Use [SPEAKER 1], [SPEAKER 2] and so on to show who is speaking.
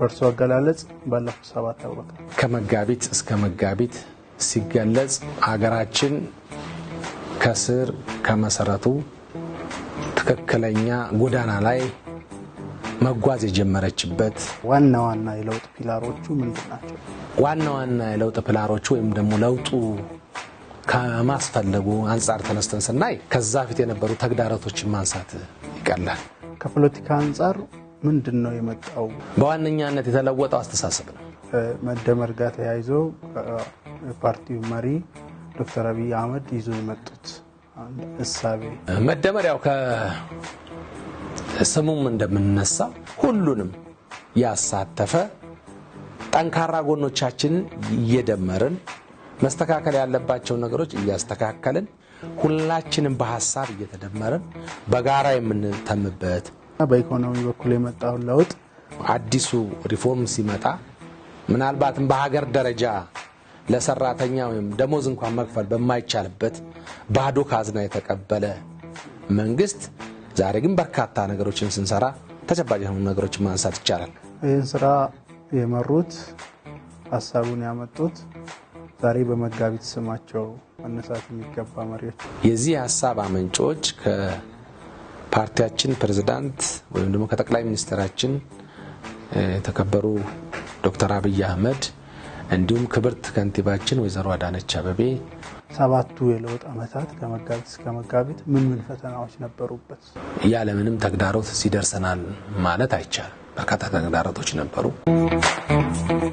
[SPEAKER 1] በእርሱ አገላለጽ ባለፉት ሰባት ዓመት
[SPEAKER 2] ከመጋቢት እስከ መጋቢት ሲገለጽ አገራችን ከስር ከመሰረቱ ትክክለኛ ጎዳና ላይ መጓዝ የጀመረችበት
[SPEAKER 1] ዋና ዋና የለውጥ ፒላሮቹ ምንድን ናቸው?
[SPEAKER 2] ዋና ዋና የለውጥ ፒላሮቹ ወይም ደግሞ ለውጡ ከማስፈለጉ አንጻር ተነስተን ስናይ ከዛ ፊት የነበሩ ተግዳሮቶችን ማንሳት ይቀላል።
[SPEAKER 1] ከፖለቲካ አንጻር ምንድን ነው የመጣው?
[SPEAKER 2] በዋነኛነት የተለወጠው አስተሳሰብ ነው።
[SPEAKER 1] መደመር ጋር ተያይዞ የፓርቲው መሪ ዶክተር አብይ አህመድ ይዞ የመጡት እሳቤ
[SPEAKER 2] ያው ከስሙም እንደምንነሳ ሁሉንም ያሳተፈ ጠንካራ ጎኖቻችንን እየደመርን መስተካከል ያለባቸው ነገሮች እያስተካከልን ሁላችንም በሀሳብ እየተደመርን በጋራ የምንተምበት
[SPEAKER 1] በኢኮኖሚ በኩል የመጣውን ለውጥ
[SPEAKER 2] አዲሱ ሪፎርም ሲመጣ ምናልባትም በሀገር ደረጃ ለሰራተኛ ወይም ደሞዝ እንኳን መክፈል በማይቻልበት ባዶ ካዝና የተቀበለ መንግስት፣ ዛሬ ግን በርካታ ነገሮችን ስንሰራ ተጨባጭ የሆኑ ነገሮችን ማንሳት ይቻላል።
[SPEAKER 1] ይህን ስራ የመሩት ሀሳቡን ያመጡት ዛሬ በመጋቢት ስማቸው መነሳት የሚገባ መሪዎች
[SPEAKER 2] የዚህ ሀሳብ አመንጮች ፓርቲያችን ፕሬዝዳንት ወይም ደግሞ ከጠቅላይ ሚኒስትራችን የተከበሩ ዶክተር አብይ አህመድ እንዲሁም ክብርት ከንቲባችን ወይዘሮ አዳነች አበቤ
[SPEAKER 1] ሰባቱ የለውጥ ዓመታት ከመጋቢት እስከ መጋቢት ምን ምን ፈተናዎች ነበሩበት?
[SPEAKER 2] ያለምንም ተግዳሮት ሲደርሰናል ማለት አይቻልም። በርካታ ተግዳሮቶች ነበሩ።